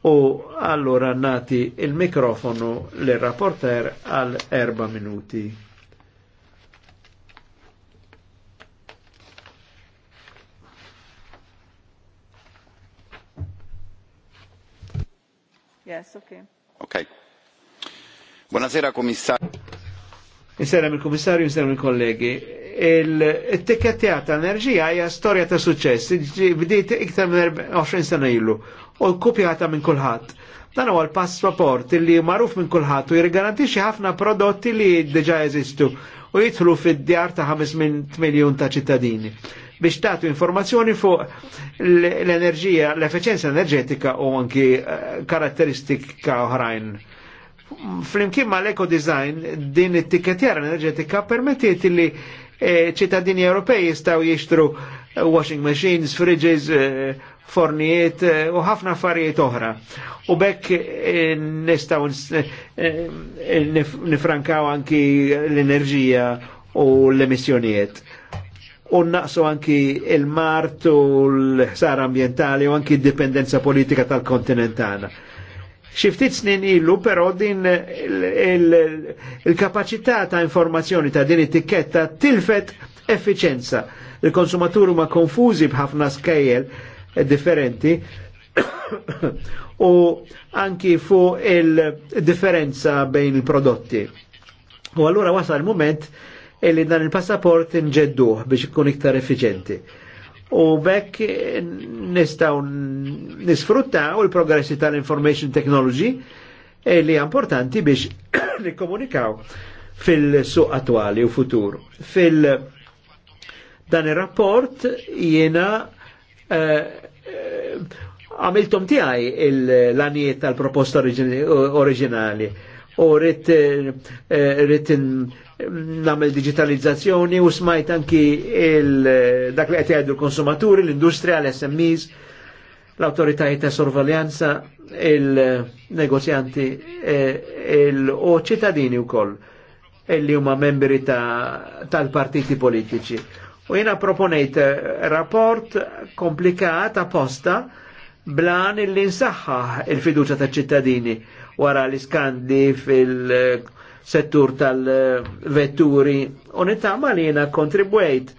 U allora nati il mikrofonu l rapporter għal erba minuti. Yes, okay. Okay. Buonasera commissario. Nisera minn kummissarju nisera minn kollegi il-tikkettija tal-enerġija hija storja ta' suċess, bdiet iktar minn 20 sena illu, u kopjata minn kulħadd. Dan huwa l passaport li magħruf minn kulħadd u jirgarantixxi ħafna prodotti li diġà jeżistu u jidħlu fid-djar ta' 5 miljun ta' ċittadini biex tatu informazzjoni fuq l-enerġija, l-efficienza enerġetika u anki eh, karatteristika oħrajn Flimkien mal l-eco design din it tikketjara enerġetika permettiet li eh, ċittadini Ewropej jistaw jixtru eh, washing machines, fridges, eh, fornijiet u ħafna affarijiet oħra. U bekk nistaw nifrankaw anki l-enerġija u l-emissjonijiet. U naqsu anki il-mart u l ħsara ambientali u anki d-dipendenza politika tal-kontinentana. Xiftit snin illu però din il-kapacità ta' informazzjoni ta' din it-tikketta tilfet effiċenza. Il-konsumaturi ma' konfuzi bħafna skajjel differenti u anki fuq il-differenza bejn il-prodotti. U allura wasa il-moment illi dan il-passaport nġedduh biex ikun iktar effiċenti u bekk nistaw nisfrutta u l progressi tal-information technology e li importanti biex nikkomunikaw fil-suq attuali u futur. Fil dan il-rapport jena eh, għamiltom uh, uh, tijaj l anijiet tal-proposta oriġinali u rrit, uh, rrit namel digitalizzazzjoni u smajt anki dak li qed jgħidu l-konsumaturi, l-industrija, l-SMEs, l-autoritajiet ta' sorveljanza, il-negozjanti e, u ċittadini wkoll illi huma membri tal-partiti politiċi. U jena proponejt rapport komplikat apposta blan illi nsaħħa il-fiduċa ta' ċittadini wara l-iskandi fil- settur tal-vetturi u nittama li jena kontribuajt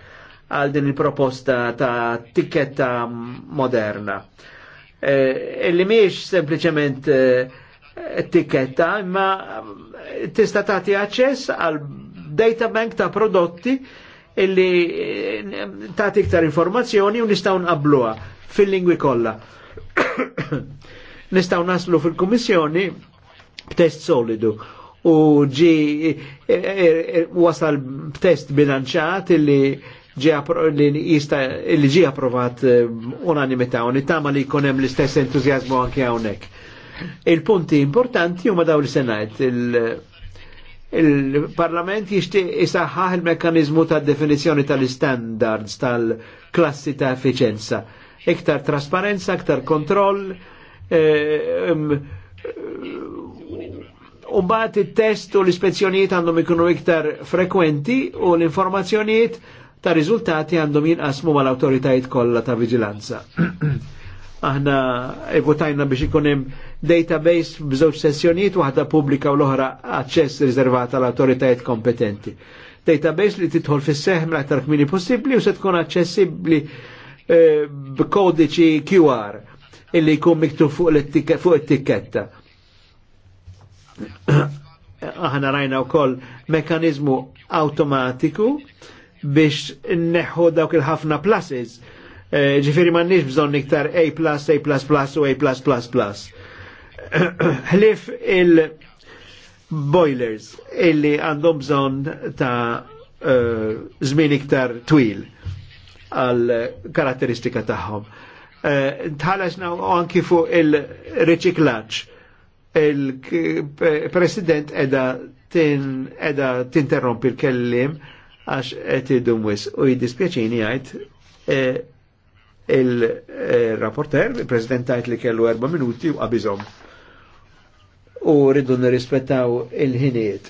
għal din il-proposta ta' tiketta moderna. E, illi e, miex sempliciment e, tikketta, imma e, tista' tagħti access għal data bank ta' prodotti illi e, ta' iktar informazzjoni u nistaw nqabluha fil-lingwi kollha. nistaw naslu fil-Kummissjoni b'test solidu u ġi e, e, e, wasal test bilanċat illi li jista ġi approvat unanimità u nittama li jkunem l-istess entuzjazmu anke hawnhekk. Il-punti importanti huma daw li senajt il-Parlament jishti jisaħħaħ il-mekkanizmu ta' definizjoni tal-standards tal-klassi ta' efficienza. Iktar trasparenza, iktar kontroll, U bat il-test u l-ispezzjonijiet għandhom ikunu iktar frekwenti u l-informazzjonijiet ta' rizultati għandhom jinqasmu mal autoritajiet kollha ta' vigilanza. Aħna evotajna biex ikunem database b'żewġ sessjoniet waħda pubblika u l-oħra aċċess riservata l autoritajiet kompetenti. Database li titħol fis-seħ l aktar kmini possibbli u se tkun aċċessibbli eh, b'kodiċi QR illi jkun miktub fuq it-tikketta aħna rajna wkoll mekanizmu automatiku biex neħu dawk il-ħafna pluses. E, ġifiri nix bżonn iktar A+, A++, u A++++. Hlif il-boilers illi għandhom bżon ta' zmin e, iktar twil għal karatteristika tagħhom. E, Tħallax anki fuq il-riċiklaġġ il-president edha tin edha tinterrompi l-kellim għax qed idum wis u jiddispjaċini għajt e, il-rapporter, il-president tajt li kellu erba minuti u għabizom. U rridu nirrispettaw il-ħiniet.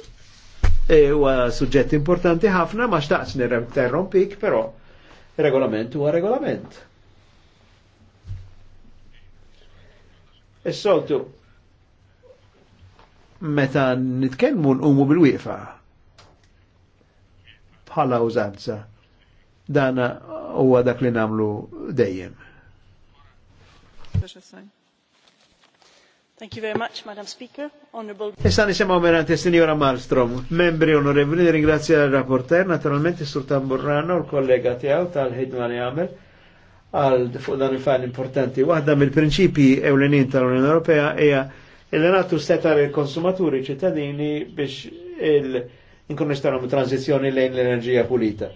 E, huwa suġġett importanti ħafna ma xtaqs nirrompik, però regolament huwa regolament. Is-soltu meta nitkellmu nqumu bil-wieqfa. Bħala użanza. Dan huwa dak li namlu dejjem. Thank you very much, Madam Speaker. Honorable... Issa nisimaw merante Signora Malmstrom, membri onorevoli, ringrazio il rapporter naturalmente Sur Tamburrano, l kollega tiegħu tal hedman li għal dan il fajn importanti. Wahda mill-prinċipi ewlenin tal-Unjoni Ewropea eja il-natu setar il-konsumaturi ċittadini biex il-nkun nistarom tranzizjoni lejn l-enerġija pulita.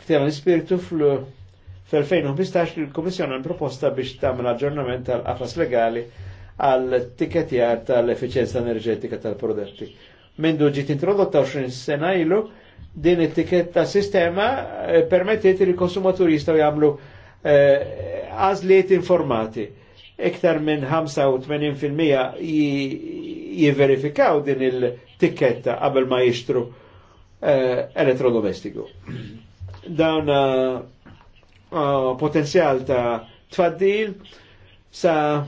F'tema l-spiritu fl-2015 il-Komissjoni proposta biex tagħmel aġġornament tal-qafas legali għal tiketjar tal-efficienza enerġetika tal-prodotti. Mendu ġit introdotta 20 sena ilu, din it-tiketta sistema eh, permettiet il konsumaturi jistaw jagħmlu eh, għazliet informati iktar minn 85% jiverifikaw din il-tikketta qabel ma jixtru eh, elettrodomestiku. Dawn eh, eh, potenzjal ta' tfaddil sa'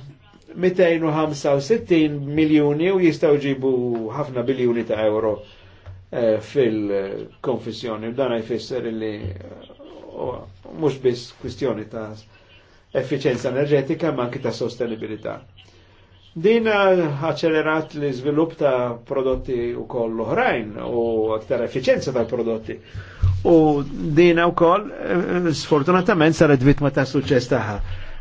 265 miljoni u jistaw ġibu ħafna biljoni ta' euro fil-konfessjoni. Dan jfisser li mux biss kwistjoni ta' effiċenza enerġetika ma anki ta' sostenibilità. Din aċċelerat li żvilupp ta' prodotti u koll oħrajn u aktar efficienza tal-prodotti. U din wkoll eh, sfortunatament saret vittma ta' suċċess tagħha.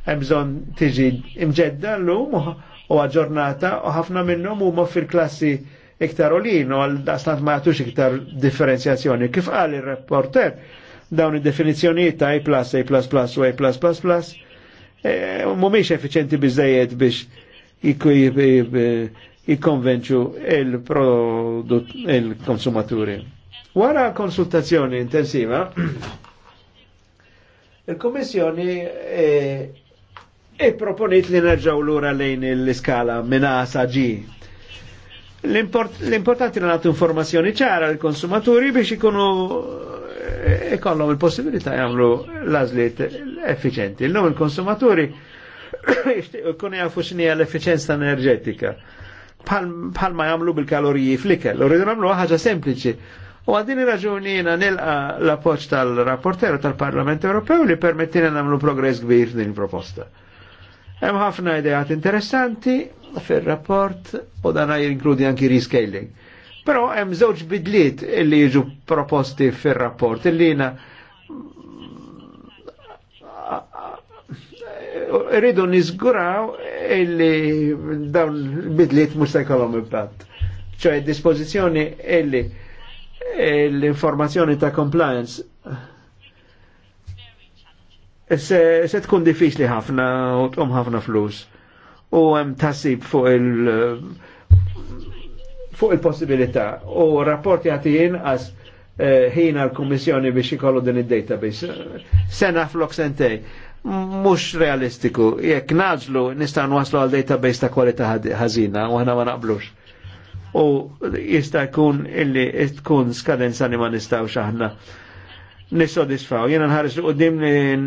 Hemm bżonn tiġi imġedda l-lum u aġġornata u ħafna minnhom huma fil-klassi iktar olin u għal daqstant ma jagħtux iktar differenzjazzjoni. Kif qal ir-reporter dawn id-definizzjonijiet ta' A+, A++ u A+++ Eh, mumiex effiċenti bizzejiet biex jikonvenċu il-konsumaturi. Wara konsultazzjoni intensiva, il-Kommissjoni eh, proponit li nerġaw l-ura lejn l-iskala minn A sa G. L-importanti l-għat informazzjoni ċara l-konsumaturi biex ikunu ikollhom il-possibilità jagħmlu l-għażliet effiċenti. Illum il-konsumaturi jkunu jafu x'inhi l-effiċenza enerġetika bħalma jagħmlu bil-kaloriji flikel, u rridu nagħmlu ħaġa sempliċi. U għadin raġuni jena nilqa l-appoċ tal rapportero tal-Parlament Ewropew li permettina namlu progress kbir din il proposta. Hemm ħafna idejat interessanti fir-rapport u dan jinkludi anki rescaling. Però hemm żewġ bidliet li jiġu proposti fir-rapport illi jiena rridu niżguraw illi dawn bidliet mhux se jkollhom impatt. ċoħi dispożizzjoni illi l-informazzjoni ta' compliance se, se tkun diffiċli ħafna u tqom ħafna flus. U hemm tasib fuq il- fuq il-possibilità u rapport jagħti jinqas eh, ħin eh, għal kommissjoni biex ikollu din id-database. Sena flok sentej. Mux realistiku, jekk naġlu nista' waslu għal database ta' kwalità ħażina u għana ma naqblux. U jista' jkun illi tkun skadenza li ma nistaw x'aħna nissodisfaw. Jena nħares li qoddim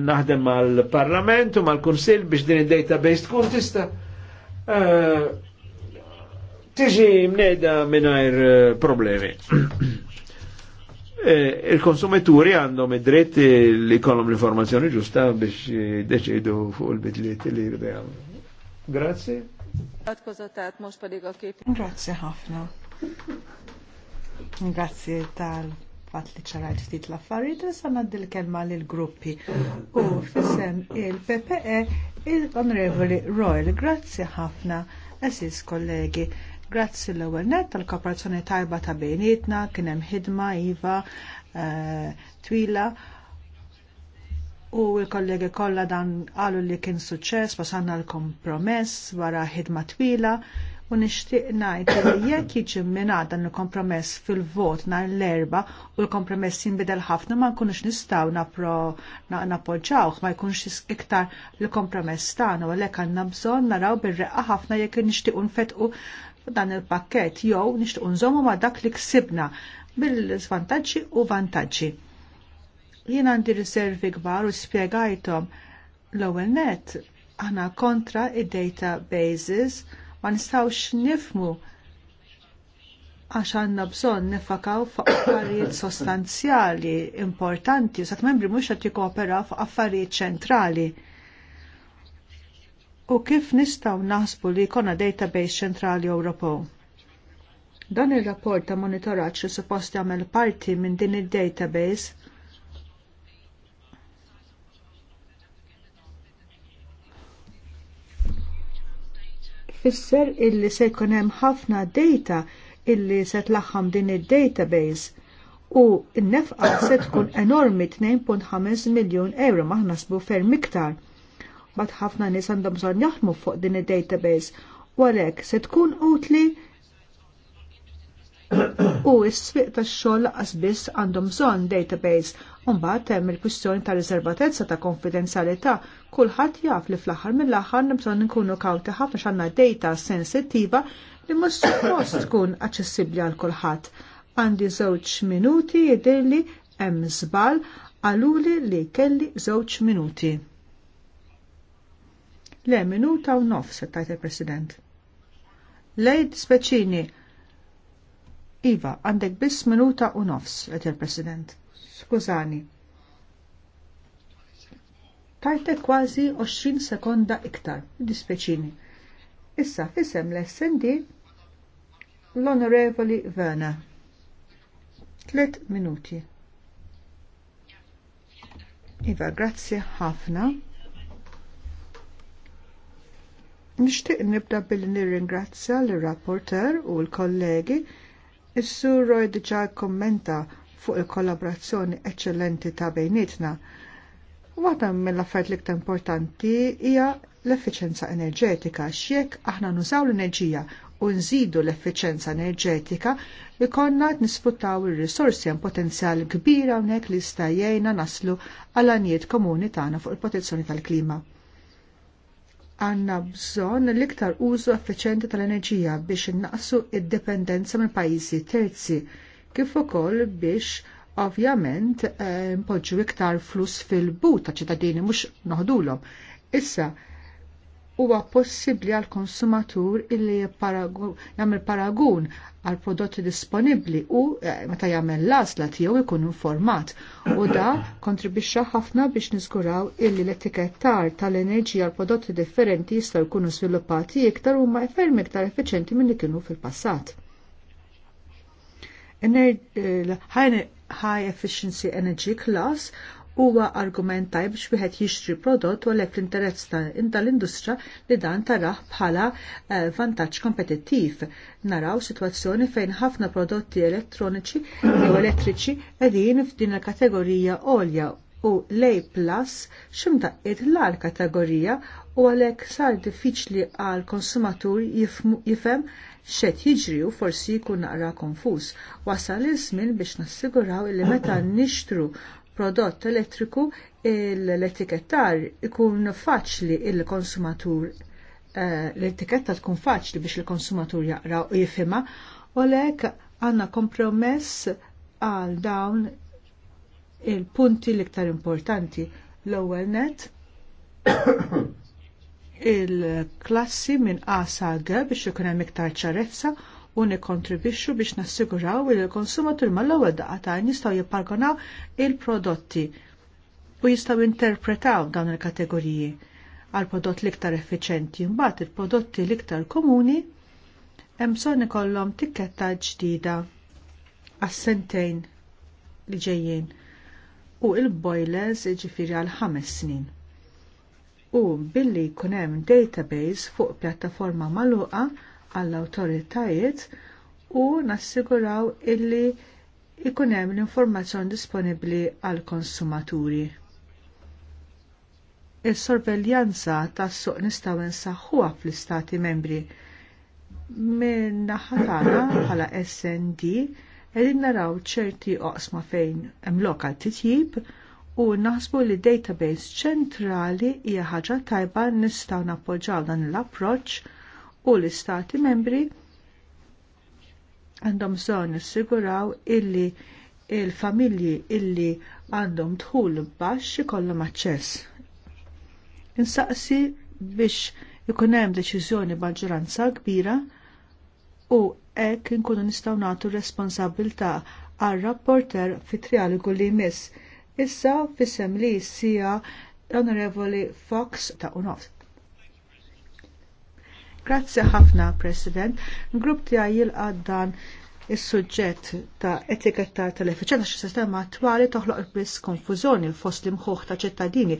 naħdem mal-Parlament u mal-Kunsil biex din id-database tkun tista' uh, tiġi mneda minnajr eh, problemi. Eh, il-konsumaturi għandhom id-dritt li kollom l-informazzjoni ġusta biex eh, deċidu fuq il-bidliet li jirdew. Grazie. Grazie ħafna. Grazie tal fat li ċarajt ftit l-affarijiet, issa naddi l-kelma lill-gruppi. U fissem il-PPE il-Onorevoli Royal, Grazie ħafna, esis kollegi. Grazzi l-ewwel net tal-kooperazzjoni tajba ta' bejnietna, kien hemm ħidma iva eh, twila u l-kollegi kollha dan qalu li kien suċċess għandna l-kompromess wara ħidma twila u nixtieq ngħid li jekk jiġi mingħajr dan il-kompromess fil-vot nhar l-erba u l-kompromess jinbidel ħafna ma nkunux nistgħu nappoġġawh ma jkunx iktar l-kompromess tagħna u għalhekk għandna bżonn naraw bir-reqqa ħafna jekk nixtiequ nfetqu dan il-pakket jew nixtiequ nżommu ma' dak li ksibna bil-svantaġġi u vantaġġi. Jien għandi riservi kbar u spjegajtom l-ewwel net aħna kontra id-databases ma nistgħux nifmu għax għandna bżonn nifakaw fuq affarijiet sostanzjali importanti u sa membri mhux qed jikkooperaw fuq affarijiet ċentrali u kif nistaw naħsbu li jkollna database ċentrali Ewropew. Dan ir-rapport ta' monitoraġġ li suppost jagħmel parti minn din id-database fisser illi se jkun hemm ħafna data illi se tlaħħam din id-database u n-nefqa se tkun enormi 2.5 miljun euro maħna sbu ferm iktar bat ħafna nies għandhom bżonn jaħdmu fuq din id-database. U għalhekk se tkun utli u s-sfiq tax-xogħol laqas biss għandhom bżonn database. Mbagħad hemm il-kwistjoni ta' riservatezza ta' konfidenzjalità. Kulħadd jaf li fl-aħħar mill-aħħar bżonn nkunu kawti ħafna x'għandna data sensittiva li mhux suppost tkun aċċessibbli għal kulħadd. Għandi żewġ minuti jidhirli hemm żball għaluli li kelli żewġ minuti. Le, minuta u nof, settajt il-President. Lejt speċini. Iva, għandek biss minuta u nofs, għet il-President. Skużani. Tajtek kważi 20 sekonda iktar, dispeċini. Issa, fisem l-essendi l-Onorevoli Verna. Tlet minuti. Iva, grazie ħafna. Nishtiq nibda billi nirringrazzja l-rapporter u l-kollegi. Is-sur Roy diġà kommenta fuq il-kollaborazzjoni eċċellenti ta' bejnietna. Waħda mill-affarijiet l-iktar importanti hija l-effiċenza enerġetika x'jekk aħna nużaw l-enerġija u nżidu l-effiċenza enerġetika ikonna nisfruttaw ir-risorsi hemm potenzjal kbir hawnhekk li jista' jgħinna naslu għal anijiet komuni tagħna fuq il-protezzjoni tal-klima għanna bżonn l-iktar użu effiċenti tal-enerġija biex innaqsu id-dipendenza minn pajjiżi terzi, kif ukoll biex ovvjament npoġġu eh, iktar flus fil-but ta' ċittadini mhux noħdulhom. Issa, huwa possibbli għal konsumatur illi jagħmel paragun għal prodotti disponibbli u eh, meta jagħmel l-asla tiegħu jkun informat u da kontribixxa ħafna biex niżguraw illi l-etikettar tal-enerġija għal prodotti differenti jistgħu jkunu sviluppati iktar u ma ferm iktar effiċenti minn li kienu fil-passat. Eh, high Efficiency Energy Class huwa argument tajb biex wieħed jixtri prodott u għalhekk l-interess ta' tal-industrija li dan tarah bħala eh, vantaġġ kompetittiv. Naraw sitwazzjoni fejn ħafna prodotti elettroniċi jew elettriċi qegħdin f'din il-kategorija għolja u lej plus ximdaqqiet l-għal kategorija u għalhekk sar diffiċli għal konsumatur jifhem xed jiġri u forsi jkun naqra konfuż. Wasal iż-żmien biex nassiguraw li meta nixtru prodott elettriku l-etikettar ikun faċli il-konsumatur eh, l-etiketta tkun faċli biex il-konsumatur jaqra u jifima u lek għanna kompromess għal dawn il-punti l-iktar importanti l-ewwel net il-klassi minn A sa G biex ikun hemm iktar ċarezza u nikkontribixxu biex nassiguraw li l-konsumatur mal-ewwel daqatajn jistgħu jippargonaw il-prodotti u jistgħu interpretaw dawn il-kategoriji għal prodott l-iktar effiċenti mbagħad il-prodotti l-iktar komuni hemm bżonn ikollhom tikketta ġdida għas-sentejn li ġejjin u il-boilers ġifiri għal ħames snin. U billi jkun hemm database fuq pjattaforma magħluqa għall-awtoritajiet u nassiguraw illi ikun hemm l-informazzjoni disponibbli għall konsumaturi. Is-sorveljanza tas-suq nistgħu nsaħħuha fl-istati membri. Min naħa tagħna bħala SND qegħdin naraw ċerti oqsma fejn hemm lokal titjib u naħsbu li database ċentrali hija ħaġa tajba nistgħu nappoġġaw dan l-approċċ u l-Istati membri għandhom bżonn assiguraw illi il-familji illi għandhom dħul baxx ikollhom aċċess. Insaqsi biex ikun hemm deċiżjoni maġġoranza kbira u hekk inkunu nistgħu nagħtu responsabilità għar rapporter fi trialogu li jmiss. Issa fissem li sija l-Onorevoli Fox ta' unot. Grazzi ħafna, President. Grupp tiegħi jilqa' dan is-suġġett ta' etiketta tal efficienza xi sistema attuali toħloq biss konfużjoni fost l-imħuħ ta' ċittadini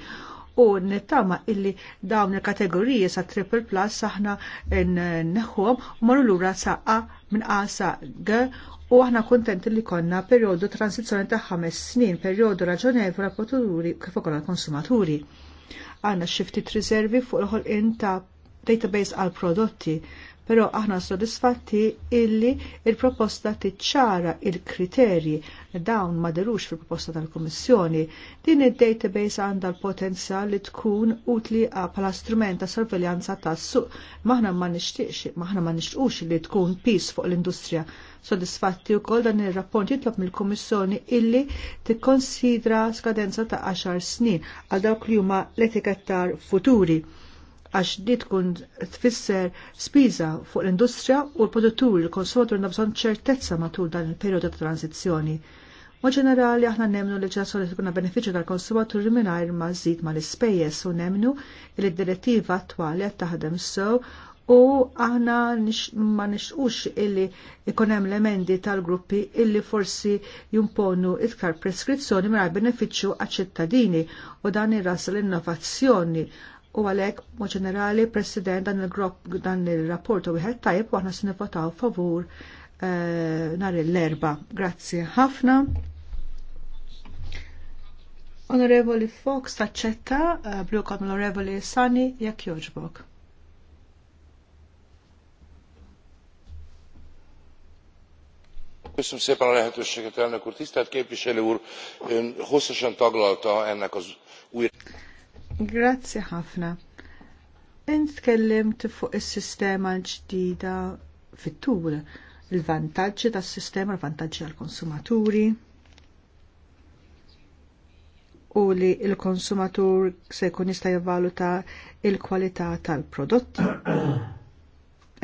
u nittama illi dawn il-kategoriji sa' triple plus aħna neħħom marru lura sa' A minn A sa' G u aħna kontenti li konna perjodu transizjoni ta' ħames snin, perjodu rapporturi kif ukoll konsumaturi għanna xiftit riservi fuq il-ħolqin ta' database għal prodotti, però aħna sodisfatti illi il-proposta tiċċara il-kriterji dawn ma derux fil-proposta tal komissjoni Din il-database għandha l-potenzjal li tkun utli bħala strument ta' sorveljanza tas suq. Maħna ma nixtieqx, maħna ma nixtiequx li tkun pis fuq l-industrija. Sodisfatti wkoll dan ir-rapport jitlob mill-Kummissjoni illi tikkonsidra skadenza ta' 10 snin għal dawk li huma l-etikettar futuri għax di tkun tfisser spiża fuq l-industrija u l-produttur il-konsumatur nabżon ċertezza matul dan il-perjodu ta' tranzizzjoni. Ma ġenerali aħna nemnu li ġasol tkun benefiċċju tal-konsumatur mingħajr ma żid mal-ispejjeż u nemnu li d-direttiva attwali qed taħdem sew u aħna ma nixqux illi ikonem l-emendi tal-gruppi illi forsi jumponu itkar preskrizzjoni mra beneficju għal ċittadini u dan irras l-innovazzjoni u għalek mod ġenerali President dan il grop dan il-rapport u għed tajb u għahna s nivvotaw favur eh, nhar l-erba. Grazie ħafna. Onorevoli Fox taċċetta eh, blu kod l-Onorevoli Sani jekk joġbok. Köszönöm szépen a lehetőséget, elnök úr. Tisztelt képviselő úr, ön hosszasan taglalta ennek az új... Grazzi ħafna. Intkellimt fuq is-sistema l-ġdida fit-tul, il-vantaġġi tas-sistema, il-vantaġġi għall-konsumaturi u li il-konsumatur se jkun jista' jivvaluta il-kwalità tal-prodotti.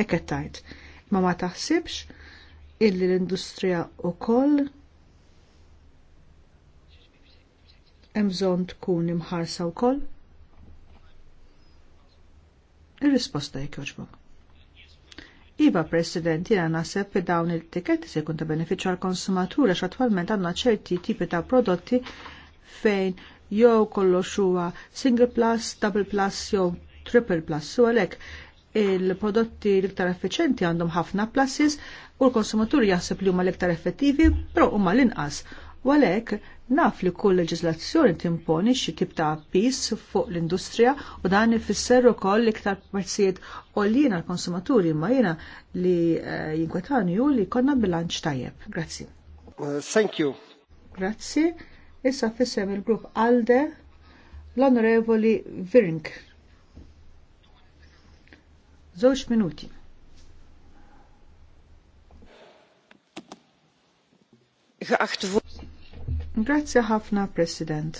qed tgħid, Ma ma taħsibx illi l-industrija wkoll hemm bżonn tkun imħarsa wkoll? Ir-risposta jekk joġbok. Iva, President, jena naseb li dawn il-tiketti se jkun ta' beneficju għal konsumatur għax attwalment għandna ċerti tipi ta' prodotti fejn jew kollox huwa single plus, double plus, jew triple plus, u għalhekk il-prodotti l-iktar effiċenti għandhom ħafna pluses u l-konsumaturi jaħseb li huma l-iktar effettivi, pro huma l-inqas. Walek, naf li kull leġislazzjoni timponi xi tip ta' pis fuq l-industrija u dan ifisser ukoll iktar li jina l konsumaturi ma jiena li eh, jinkwetani u li jkollna bilanċ tajjeb. Grazzi. Uh, thank you. Grazzi. Issa fissem il-grupp Alde l-Onorevoli Virink. Żewġ minuti. Geachte Grazzi ħafna, President.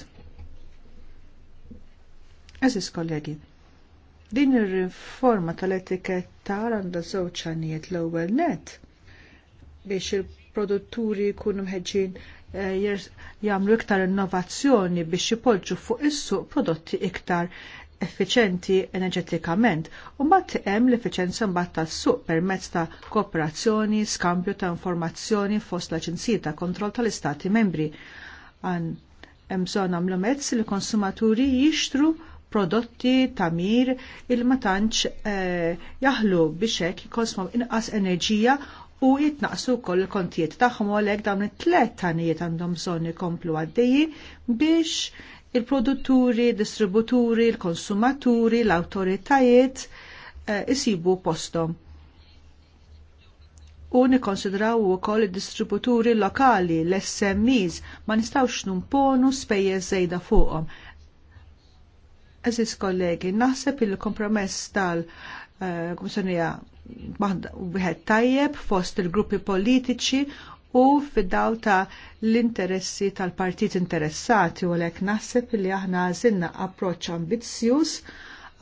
Eżis kollegi, din ir-riforma tal-etiketta għandha żewġ l-ewwel net biex il-produtturi jkunu mħeġġin eh, jagħmlu iktar innovazzjoni biex jipoġġu fuq is-suq prodotti iktar effiċenti enerġetikament u mbagħad hemm l-effiċenza mbagħad tas-suq permezz ta' kooperazzjoni, skambju ta' informazzjoni fost l aġenzija ta' Kontroll tal-Istati Membri. Għan hemm bżonn nagħmlu mezz li konsumaturi jixtru prodotti tamir il ma tantx eh, jaħlu biex hekk jkonsmu inqas enerġija u jitnaqsu wkoll il-kontijiet tagħhom u għalhekk dawn it-tlet tanijiet għandhom bżonn ikomplu għaddejji biex il-produtturi, distributuri, il-konsumaturi, l-autoritajiet eh, isibu postom. U nikonsidraw ukoll id-distributuri lokali, l-SMEs, ma nistawx numponu spejjeż żejda fuqhom. Eżis kollegi, naħseb il-kompromess tal-Komissjonija eh, wieħed tajjeb fost il-gruppi politiċi u fid-daw ta' l-interessi tal-partit interessati u l-ek naħseb li aħna għazinna approċ ambizzjuż,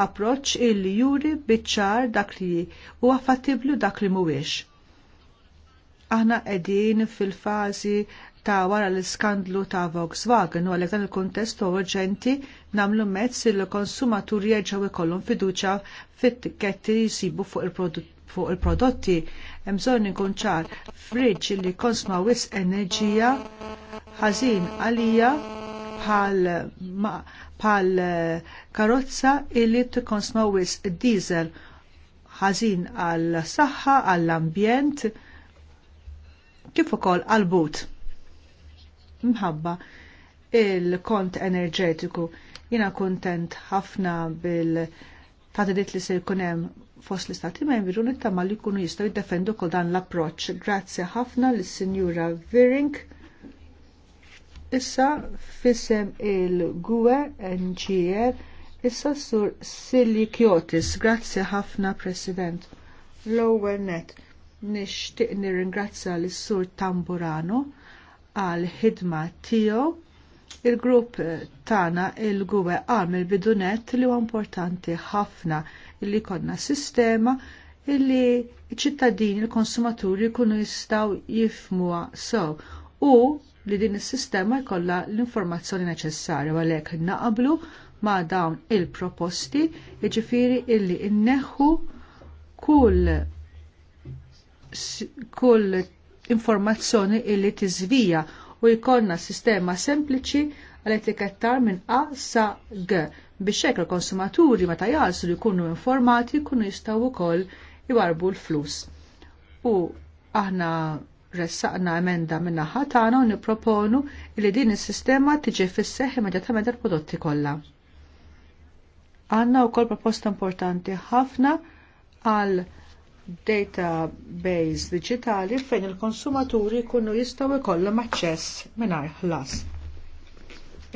approċ illi juri biċċar dak li huwa għafatiblu dak li mhuwiex. Aħna qegħdin fil-fażi ta' wara l-iskandlu ta' Volkswagen u għalhekk dan il-kuntest urġenti nagħmlu mezz il konsumaturi jerġgħu jkollhom fiduċja fit-tikketti li jsibu fuq il-prodotti. Hemm bżonn inkun ċar friġġ li konsma wis enerġija ħażin għalija bħal bħal karozza illi tikkonsma wis diesel ħażin għall saħħa għall-ambjent kif ukoll għall-but mħabba il-kont enerġetiku. Jina kontent ħafna bil fadedit li se jkunem fost l-istati membri nittama li jkunu jistaw jiddefendu kol dan l-approċ. Grazzi ħafna l-Sinjura Viring. Issa fissem il-GUE NGR, issa sur Silli Kjotis. Grazzi ħafna President. Lower net nixtieq nirringrazzja lis sur Tamburano għal ħidma tiegħu il-grupp tagħna il-gwe għamil bidunet li huwa importanti ħafna li konna sistema illi ċittadini, il-konsumaturi jkunu jistgħu jifhmuha sew so, u li din is-sistema jkollha l-informazzjoni neċessarja għalhekk naqblu ma' dawn il-proposti jiġifieri illi inneħħu kull kull informazzjoni illi tiżvija u jkollna sistema sempliċi għal etikettar minn A sa G biex hekk il-konsumaturi meta jalsu li jkunu informati jkunu jistgħu wkoll iwarbu l-flus. U aħna ressaqna emenda minna ħatana u nipproponu li din is-sistema tiġi fisseħ immedjatament il-prodotti kollha. Għandna wkoll proposta importanti ħafna għal database digitali fejn il-konsumaturi jkunu jistgħu jkollhom aċċess mingħajr ħlas.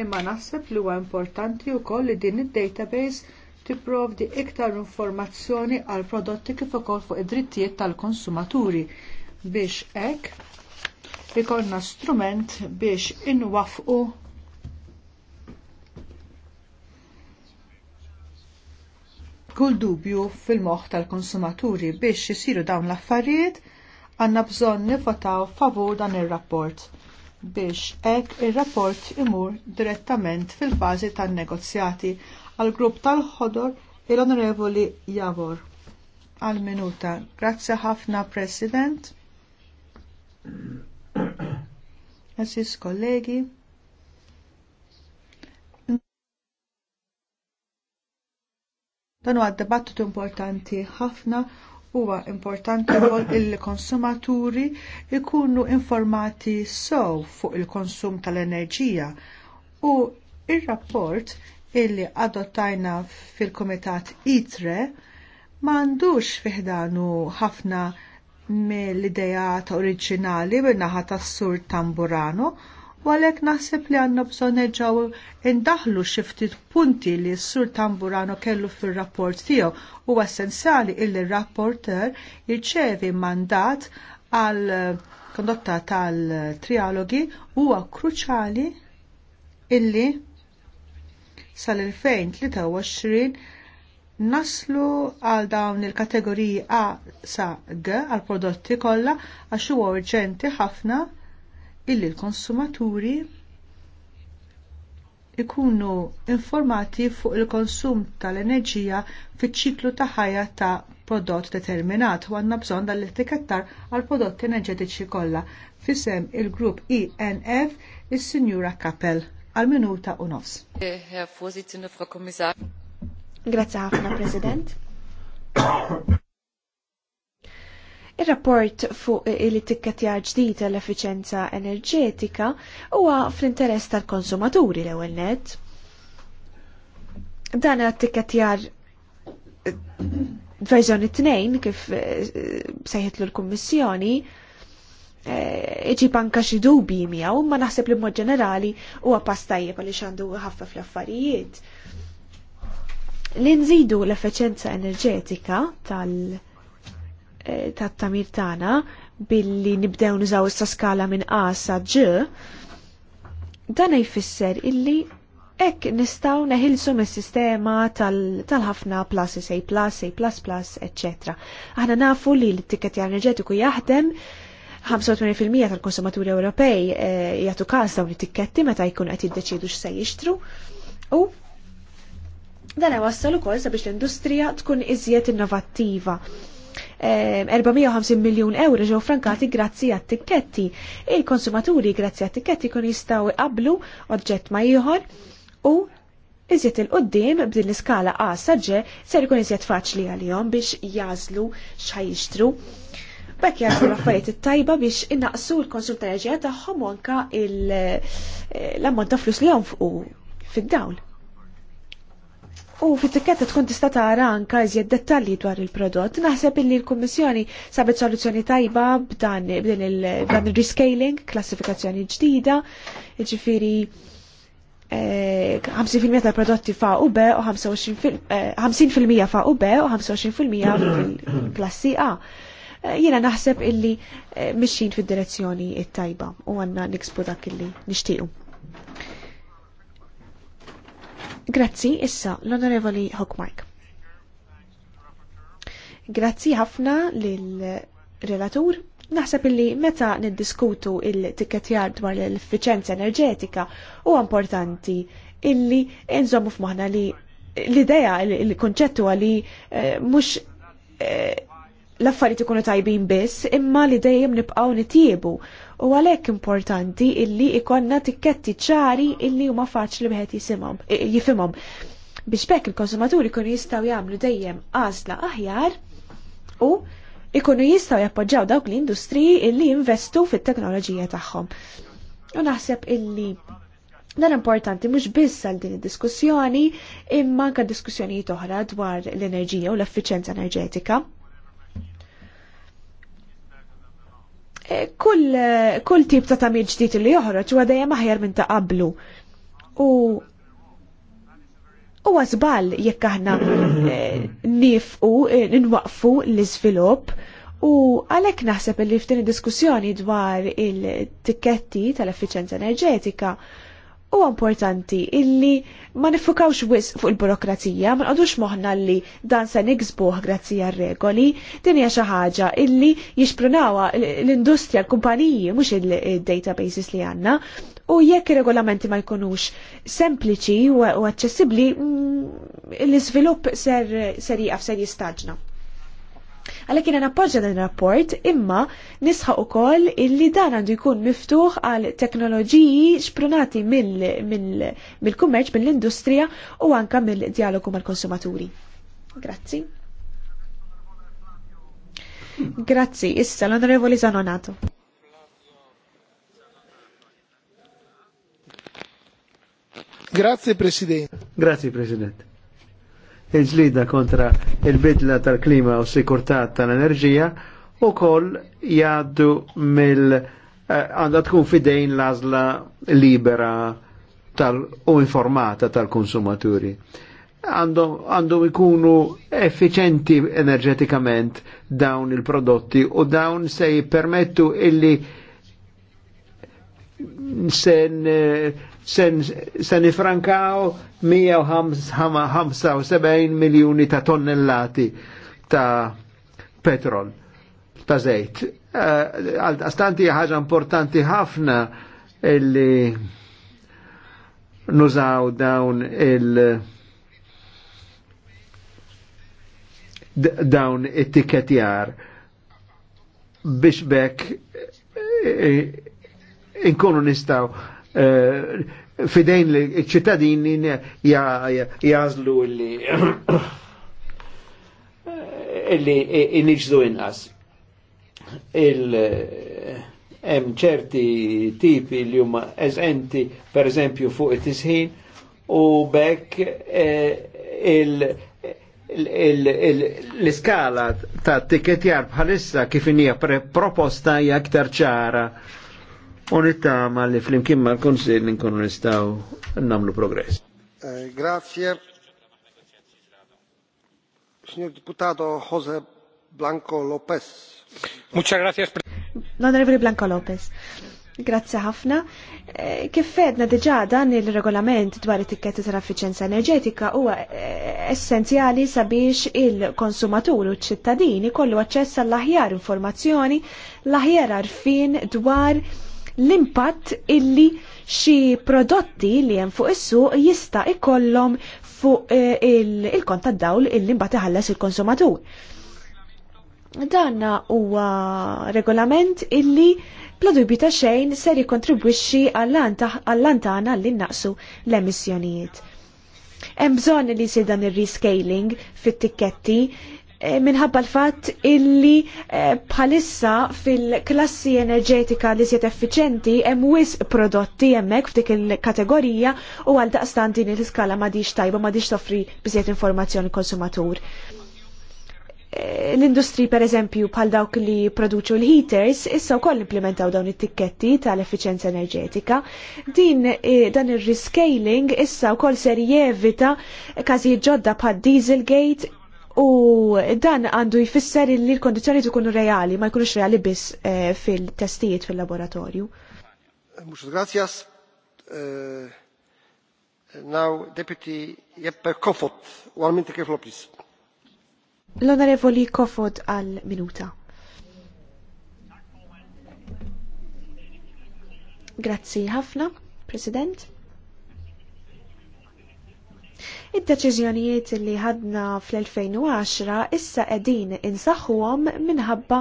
Imma naħseb li huwa importanti wkoll li din id-database tipprovdi iktar informazzjoni għal prodotti kif ukoll fuq id-drittijiet tal-konsumaturi biex hekk ikollna strument biex inwaffqu kull dubju fil-moħħ tal-konsumaturi biex jisiru dawn l-affarijiet għanna bżonn nifotaw favur dan ir-rapport biex hekk ir-rapport imur direttament fil-fażi tan-negozjati għall grupp tal-ħodor il-Onorevoli Javor. Għal minuta. Grazzi ħafna, President. Assis kollegi. Dan huwa dibattitu importanti ħafna huwa importanti wkoll il-konsumaturi ikunu informati sew fuq il-konsum tal-enerġija u ir-rapport illi adottajna fil-Kumitat ITRE m'għandux fiħdanu ħafna mill-idea ta' oriġinali bin-naħa tas-sur Tamburano u għalhekk naħseb li għandna bżonn neġgħu indaħlu xi ftit punti li s-sur Tamburano kellu fir-rapport tiegħu u essenzjali illi r-rapporter jirċevi mandat għal eh, kondotta tal-trialogi huwa kruċali illi sal-2023 naslu għal dawn il-kategoriji A sa G għal prodotti kollha għax huwa urġenti ħafna illi l-konsumaturi ikunu informati fuq il-konsum tal-enerġija fiċ ċiklu ta' ħajja ta' prodott determinat u għandna bżonn dal-etikettar għal prodotti enerġetiċi kollha. Fisem il-grupp INF e is-Sinjura Kappel għal minuta u nofs. Grazie ħafna, President. Ir-rapport fuq il-tikketja ġdid l-efficienza enerġetika huwa fl-interess tal-konsumaturi l-ewwel net. Dan għat-tikketjar eh, verżjoni tnejn kif eh, sejħitlu l-Kummissjoni eh, iġib anka xi dubi miegħu, ma naħseb li mod ġenerali huwa pass tajjeb għaliex għandu ħafna fl-affarijiet. Li nżidu l-efficienza enerġetika tal- Eh, tat-tamir tagħna billi nibdew nużaw issa skala minn A sa G, dan jfisser illi hekk nistgħu neħilsu mis-sistema tal-ħafna sej A+, A++, etc. Aħna nafu li l-tikket enerġetiku jaħdem 85% tal-konsumaturi Ewropej eh, jagħtu każ dawn it-tikketti meta jkun qed jiddeċidu x'se jixtru. U dan iwassal ukoll sabiex l-industrija tkun iżjed innovattiva 450 miljun euro ġew frankati grazzi għat tikketti. Il-konsumaturi grazzi għat tikketti kun jistaw iqablu oġġett ma ieħor u iżjed il-qoddim b'din l-iskala A sa ġe ser ikun iżjed faċli għalihom biex jażlu x'ħajixtru. Bekk jagħmlu l-affarijiet it-tajba biex innaqsu l-konsum tal-enerġija tagħhom anke l-ammont ta' flus li jonfqu fid-dawl. U fit-tikketta tkun tista' tara anke iżjed dettalji dwar il-prodott. Naħseb illi l-Kummissjoni sabet soluzzjoni tajba b'dan il-dan il-rescaling, klassifikazzjoni ġdida, ġifiri 50% eh, tal-prodotti fa' u u 50% fa' u be u 25% eh, fil-klassi A. Eh, jiena naħseb illi mixin fid-direzzjoni it-tajba u għanna nixbu dak illi nixtiequ. Grazzi, issa, l-Onorevoli Hockmark. Grazzi ħafna lill-relatur. Naħseb illi meta niddiskutu il-tikketjar dwar l-effiċenza enerġetika u importanti illi nżommu f'maħna li l-idea, il-konċettu għali eh, mux eh, l-affarijiet ikunu tajbin biss, imma li dejjem nibqgħu nitiebu. U għalhekk importanti illi ikonna tikketti ċari illi huma faċli wieħed jisimhom jifimhom. Biex bekk il-konsumaturi jkunu jistgħu jagħmlu dejjem għażla aħjar u ikunu jistgħu jappoġġaw dawk l-industriji illi jinvestu fit-teknoloġija tagħhom. U naħseb illi Dan importanti mhux biss għal din id-diskussjoni imma anke diskussjonijiet oħra dwar l-enerġija u l-effiċenza enerġetika. Eh, kull, eh, kull tip ta' tamir ġdid li joħroġ huwa dejjem aħjar minn ta' qablu. U huwa żball jekk aħna eh, nifqu ninwaqfu l-iżvilupp u għalhekk naħseb li f'din id-diskussjoni dwar il-tikketti tal effiċjenza enerġetika U importanti illi ma nifukawx wis fuq il-burokrazija, ma nqadux moħna li dan se niksbuh grazzi għal regoli, din hija xi ħaġa illi jixprunawa l-industrija, l-kumpaniji, mhux il-databases li għandna, u jekk ir-regolamenti ma jkunux sempliċi u aċċessibbli, mm, l-iżvilupp ser, ser jiqaf, ser jistaġna. Għalek jena nappoġġa dan rapport imma nisħa u koll illi dan għandu jkun miftuħ għal teknoloġiji xprunati mill-kummerċ, mill-industrija u anka mill-dialogu mal-konsumaturi. Grazzi. Grazzi, issa l-onorevoli Zanonato. Grazie Presidente. Grazie Presidente il-ġlida kontra il-bidla tal-klima u sikurtà tal-enerġija u koll jaddu mill eh, għandha tkun fidejn l-azla libera tal u informata tal-konsumaturi. Għandu ikunu effiċenti enerġetikament dawn il-prodotti u dawn se jipermettu illi sen se nifrankaw 175 miljoni ta' tonnellati ta' petrol, ta' zejt. Eh, Għastanti uh, ħaġa importanti ħafna illi nużaw dawn il- dawn it-tiketjar biex bekk eh, eh, inkunu nistaw Eh, fidejn li ċittadini jazlu li li iniġdu inqas. Il eh, hemm ċerti tipi li huma eżenti per eżempju fuq it-tisħin u bekk eh, l-iskala ta' tiketjar bħalissa kif inija proposta hija aktar ċara u ma li fl ma mal-Konsil nkunu nistaw namlu progress. Eh, grazie. Signor Deputato Jose Blanco Lopez. Muchas gracias. L'onorevole Blanco Lopez. Grazie ħafna. Eh, kif fedna diġà dan il-regolament dwar it-tikketti tal-effiċenza enerġetika huwa eh, essenzjali sabiex il-konsumatur u ċ-ċittadini kollu aċċess għall-aħjar informazzjoni, l-aħjar arfin dwar l-impatt illi xi prodotti li hemm fuq is-suq jista' ikollhom fuq eh, il-kont tad-dawl illi mbagħad iħallas il-konsumatur. Danna huwa regolament illi bla dubju ta' xejn ser jikontribwixxi għall-antana li naqsu l-emissjonijiet. Hemm bżonn li jsir dan ir-rescaling fit-tikketti Eh, minħabba l-fatt illi eh, bħalissa fil-klassi enerġetika li siet effiċenti hemm wisq prodotti hemmhekk f'dik il-kategorija u għal daqstan din l-iskala m'għadix tajba m'għadix toffri biżjed informazzjoni konsumatur. Eh, l-industri per eżempju bħal dawk li produċu l-heaters issa wkoll implementaw dawn it-tikketti tal-effiċenza enerġetika. Din dan ir-rescaling issa wkoll ser jevita każijiet ġodda bħal Dieselgate U dan għandu jfisser li l-kondizjoni ikunu reali, ma jkunux reali biss eh, fil-testijiet fil-laboratorju. Eh, Muxu grazzjas. Eh, now, Deputy Jeppe Kofot, one minute kif please. L-Onorevoli Kofot għal minuta. Grazzi ħafna, President. Id-deċiżjonijiet li ħadna fl-2010 issa qegħdin insaħħuhom minħabba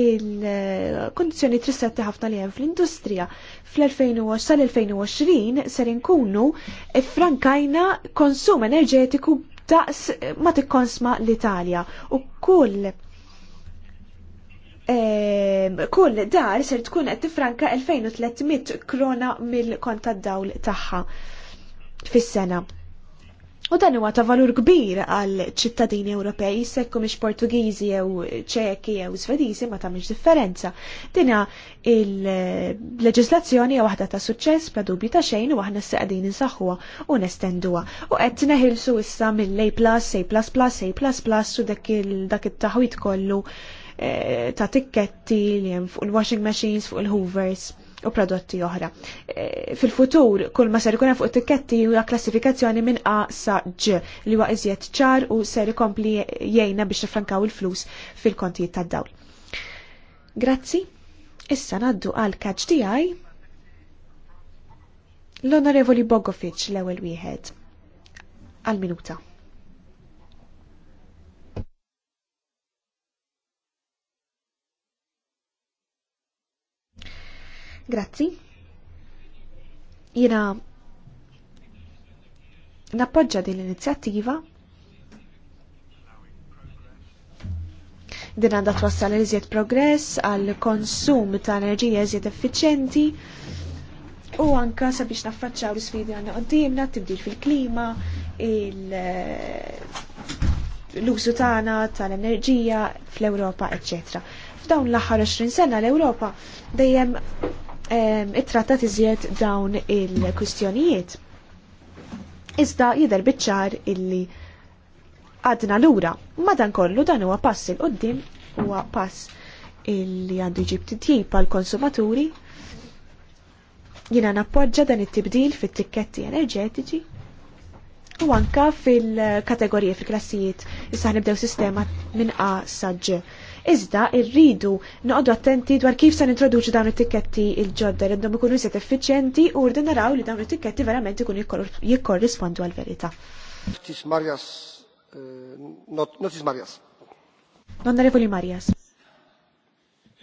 il-kondizzjoni trissette ħafna li hemm fl-industrija. Fl-2020 sal-2020 ser inkunu frankajna konsum enerġetiku daqs ma tikkonsma l-Italja u kull eh, kull dar ser tkun qed tifranka 2300 krona mill-kont tad-dawl tagħha fis-sena. U dan huwa ta' valur kbir għal ċittadini Ewropej, sekku miex Portugiżi jew Ċeki jew Svediżi ma tagħmilx differenza. Dina il-leġislazzjoni hija waħda ta' suċċess bla dubju ta' xejn u aħna s-seqdin insaħħuha u nestenduha. U qed neħilsu issa mill-A+, A++, A++, u dak il-taħwit kollu eh, ta' tikketti li hemm fuq il-washing machines, fuq il-hoovers u prodotti oħra. E, fil-futur, kull ma ser ikun fuq it-tikketti huwa klassifikazzjoni minn A sa G li huwa iżjed ċar u ser ikompli jgħinna biex nifrankaw il-flus fil-kontijiet tad-dawl. Grazzi. Issa naddu għal kaċ tiegħi l-Onorevoli Bogovic l-ewwel wieħed. Għal minuta. Grazzi. Jina nappoġġa din l-inizjattiva din għandha twassal iżjed progress għal konsum ta' enerġija iżjed effiċenti. u anka sabiex naffaċċaw l-sfidi għanna għoddimna, tibdil fil-klima, l-użu tagħna tal-enerġija fl-Ewropa, eccetera. F'dawn l-aħħar 20 sena l-Ewropa dejjem it-trattat iżjed dawn il-kustjonijiet. Iżda jidher biċ-ċar illi għadna lura. Madankollu dan huwa pass il qoddim huwa pass illi għandu jġib titjib għal konsumaturi jina nappoġġa dan it-tibdil fit-tikketti enerġetiċi u anka fil-kategorije fil-klassijiet issa nibdew sistema minn A sa Iżda irridu noqogħdu attenti dwar kif se nintroduċu dawn it-tikketti il-ġodda irridhom ikunu jiset effiċjenti u rridu naraw li dawn it-tikketti verament ikunu jikkorrispondu għal verità. Notis Marjas. Eh, Onorevoli Marjas.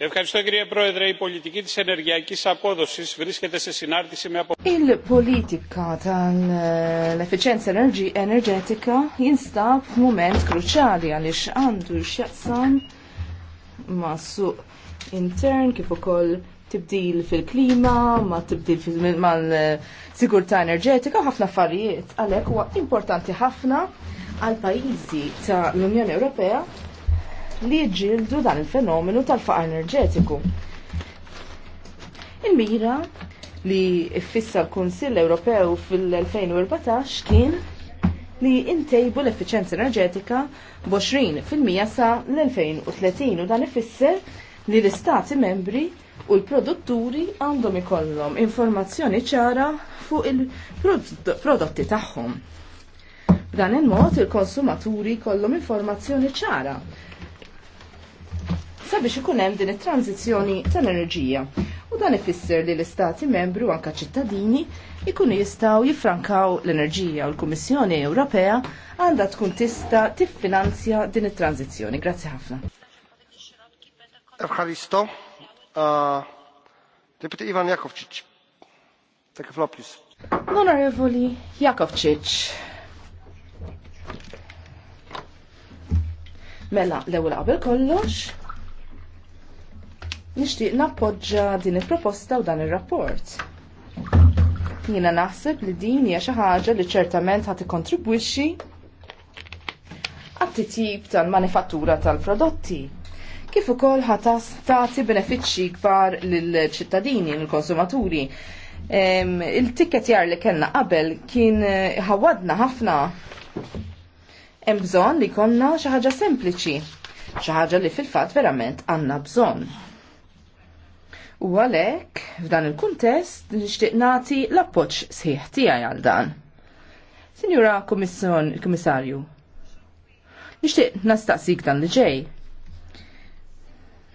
Ευχαριστώ κύριε Πρόεδρε. Η πολιτική της ενεργειακής απόδοσης βρίσκεται σε συνάρτηση με απόδοση. Η πολιτική αποδοσή. Il politika είναι eh, efficienza enerġetika jinstab αλλά είναι għaliex għandu x'jaqsam ma' suq intern kif ukoll tibdil fil-klima, ma tibdil mal-sigurtà eh, enerġetika, ħafna affarijiet. Għalhekk huwa importanti ħafna għal pajjiżi ta' l-Unjoni Ewropea li jġildu dan il-fenomenu tal-faqar enerġetiku. Il-mira li ffissa l-Kunsill Ewropew fil-2014 kien li intejbu l efficienza enerġetika b-20% sa l-2030 u dan ifisser li l-istati membri u l-produtturi għandhom ikollhom informazzjoni ċara fuq il-prodotti tagħhom. B'dan il-mod il-konsumaturi kollhom informazzjoni ċara sabiex ikun hemm din it-tranzizzjoni tal-enerġija. U dan ifisser li l-Istati membru anka ċittadini ikunu jistgħu jiffrankaw l-enerġija u l-Kummissjoni Ewropea għandha tkun tista' tiffinanzja din it-tranzizzjoni. Grazzi ħafna. Evharisto, uh, deputy Ivan Jakovčić. a flopis. L-Onorevoli Jakovčić. Mela, l-ewwel qabel kollox, nixtieq nappoġġa din il-proposta u dan ir-rapport. Jiena naħseb li din hija xi ħaġa li ċertament ħadd ikkontribwixxi għat-titjib tal-manifattura tal-prodotti kif ukoll ħatas tagħti benefiċċji kbar lill-ċittadini, lill-konsumaturi. Il-ticket jar li kellna qabel kien eh, ħawadna ħafna. Hemm bżonn li konna xi ħaġa sempliċi, xi ħaġa li fil-fatt verament għandna bżonn. U għalek, f'dan il-kuntest, nixtieq nagħti l-appoġġ sħiħ tiegħi għal dan. Sinjura Kummissarju, nixtieq nastaqsik dan li ġej.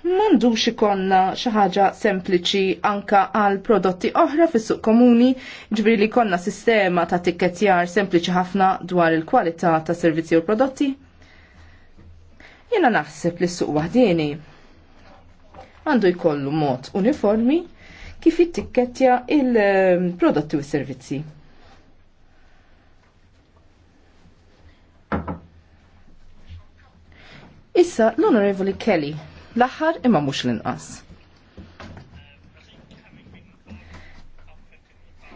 M'għandux ikonna xi ħaġa sempliċi anka għal prodotti oħra fis-suq komuni, ġbri li konna sistema ta' tikketjar sempliċi ħafna dwar il-kwalità ta' servizzi u prodotti? Jena naħseb li s-suq waħdieni għandu jkollu mod uniformi kif jittikketja il-prodotti u s-servizzi. Issa l-Onorevoli Kelly, l-aħħar imma mhux l-inqas.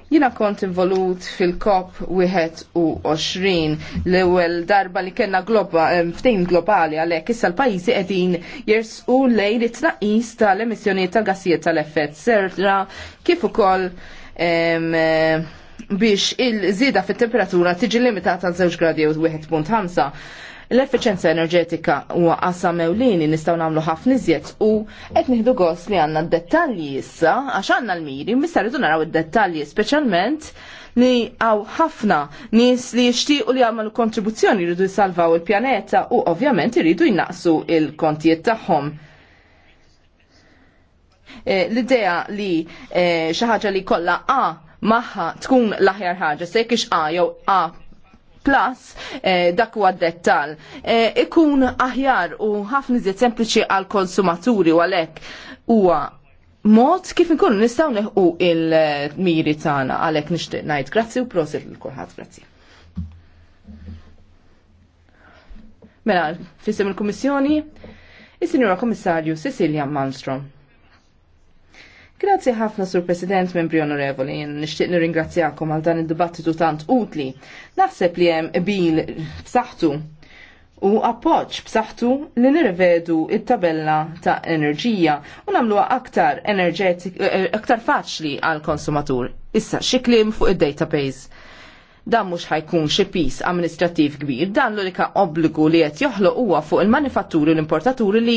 Jina kont involut fil kop 21 l-ewel darba li kena globa, ftejn globali għalek issa l pajzi edin jersu lej it-tnaqis tal emissjoni tal-gassijiet tal-effett serra kif ukoll biex il-żieda fit-temperatura tiġi limitata għal 2 gradi u 1.5. L-efficienza enerġetika huwa qasam mewlini nistgħu nagħmlu ħafna iżjed u qed nieħdu gost li għandna d-dettalji issa għax għandna l-miri, mista rridu naraw id-dettalji speċjalment li għaw ħafna nies li jixtiequ li jagħmlu kontribuzzjoni jridu jsalvaw il-pjaneta u ovvjament jridu jnaqsu il-kontijiet tagħhom. E, l-idea li e, xi ħaġa li kollha A maħħa tkun l-aħjar ħaġa, se jekk A jew A Plus eh, dak huwa dettal. Eh, ikun aħjar u ħafna iżjed sempliċi għal konsumaturi u għalhekk huwa mod kif inkunu nistgħu neħqu il-miri tagħna għalhekk nixtieq ngħid grazzi u prosit lil kulħadd grazzi. Mela, fisem il-Kummissjoni, is-Sinjura Kommissarju Cecilia Malmstrom. Grazzi ħafna Sur President, membri onorevoli, nixtieq nirringrazzjakom għal dan id-dibattitu tant utli. Naħseb li hemm bil b'saħħtu u appoġġ b'saħħtu li nirvedu it-tabella ta' enerġija u nagħmluha aktar enerġetik eh, aktar faċli għal konsumatur. Issa xi kliem fuq id-database Dan mhux ħajkun xi pis amministrattiv kbir, dan l-unika obbligu li qed joħloq huwa fuq il-manifatturi u l-importaturi li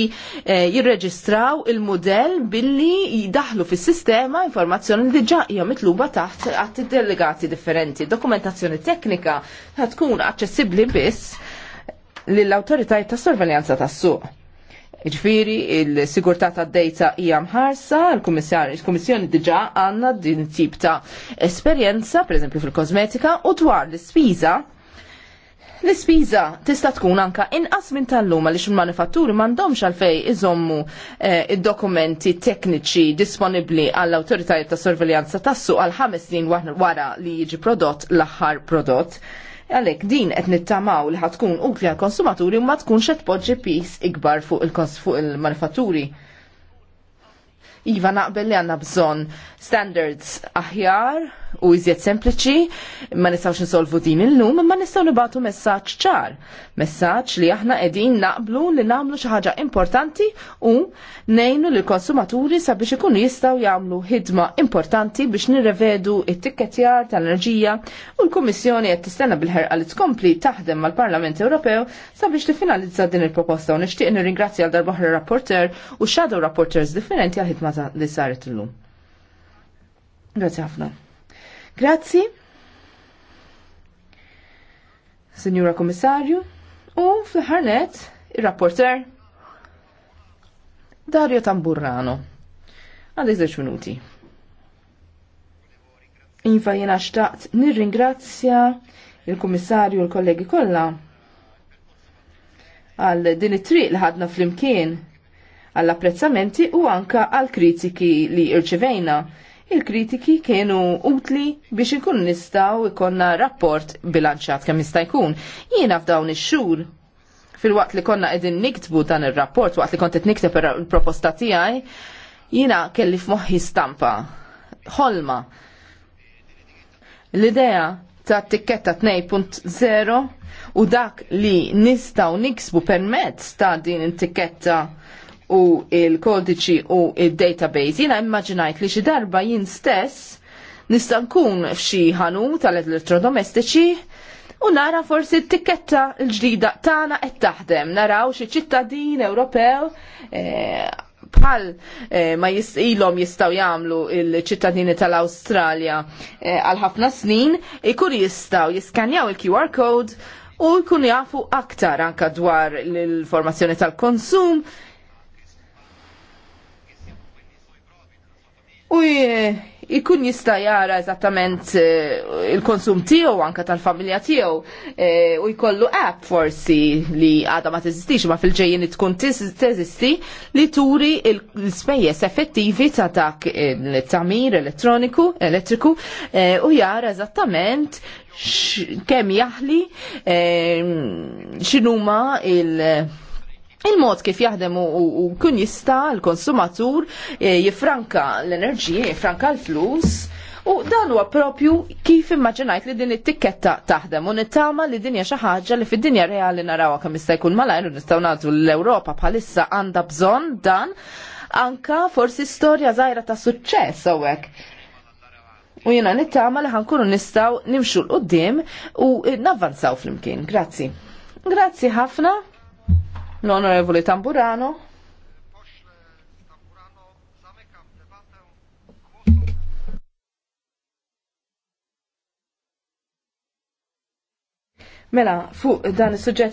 eh, jirreġistraw il-modell billi jidaħlu fis-sistema informazzjoni li diġà hija mitluba taħt għat delegati differenti. Dokumentazzjoni teknika tkun aċċessibbli biss lill-awtoritajiet tas-sorveljanza tas-suq Ġviri, il-sigurtà tad dejta hija mħarsa, il-Kummissjoni diġà għandna din tip ta' esperjenza, pereżempju fil-kosmetika, u dwar l-ispiża L-ispiża tista' tkun anka inqas minn tal-lum għaliex il-manifatturi m'għandhomx għalfej iżommu eh, id-dokumenti tekniċi disponibbli għall awtoritajiet ta' sorveljanza tassu għal ħames snin wara li jiġi prodott l-aħħar prodott. Għalek, din qed nittamaw li ħatkun utli għal konsumaturi u ma tkunx qed poġġi pis ikbar fuq il-manifatturi. Iva naqbel li għanna bżon standards aħjar u iżjed sempliċi, ma nistgħux insolvu din illum, imma nistgħu nibatu messaġġ ċar. Messaġġ li aħna qegħdin naqblu li nagħmlu xi ħaġa importanti u ngħinu lill konsumaturi sabiex ikunu jistgħu jagħmlu ħidma importanti biex nirrevedu it-tikketjar tal-enerġija u l-Kummissjoni qed tistenna bil-ħerqa li tkompli taħdem mal-Parlament Ewropew sabiex finalizza din il-proposta u nixtieq nirringrazzja għal darba rapporter u shadow rapporters differenti għal ħidma li saret illum. Grazie ħafna. Grazzi, Signora Komissarju, u fl-ħarnet il-rapporter Dario Tamburrano. Għandek zeċ minuti. Infa jena xtaqt nirringrazzja il-Komissarju u l-kollegi kollha għal din it-triq li ħadna fl-imkien għall apprezzamenti u anka għal kritiki li irċivejna il-kritiki kienu utli biex ikun nistaw ikonna rapport bilanċat kemm jista' jkun. Jiena f'dawn ix-xhur fil-waqt li konna qegħdin niktbu dan ir-rapport waqt li kont qed nikteb il-proposta tiegħi, jiena kelli f'moħħi stampa ħolma. L-idea ta' tikketta 2.0 u dak li nistaw niksbu permezz ta' din it-tikketta u il-kodiċi u il-database. Jina immaġinajt li xi darba jien stess nista' nkun f'xi ħanut tal-elettrodomestiċi u nara forsi t-tikketta l-ġdida tana qed taħdem. Naraw xi ċittadin Ewropew eh, bħal eh, ma jisqilhom jistgħu jagħmlu l-ċittadini tal-Awstralja eh, għal ħafna snin, ikun jistgħu jiskanjaw il-QR code u jkun jafu aktar anka dwar l-informazzjoni tal-konsum, u ikun jista jara eżattament eh, il-konsum tiegħu anke tal-familja tiegħu eh, u jkollu app forsi li għadha ma teżistix ma fil-ġejjin tkun teżisti li turi l ispejjeż effettivi ta' dak il-tamir eh, elettroniku, elettriku u jara eżattament kemm jaħli x'inhuma il- Il-mod kif jaħdem u kun jista l-konsumatur eh, jifranka l-enerġija, jifranka l-flus, u dan huwa propju kif immaġinajt li din it-tikketta taħdem u nittama li dinja xi ħaġa li fid-dinja reali narawha kemm jista' jkun malajr u nistgħu nagħtu l-Ewropa bħalissa għandha bżonn dan anka forsi storja żgħira ta' suċċess hawnhekk. U jiena nittama li ħankunu nistgħu nimxu l-qudiem u navvanzaw flimkien. Grazzi. Grazzi ħafna l-Onorevoli Tamburano. Mela, fuq dan il suġġett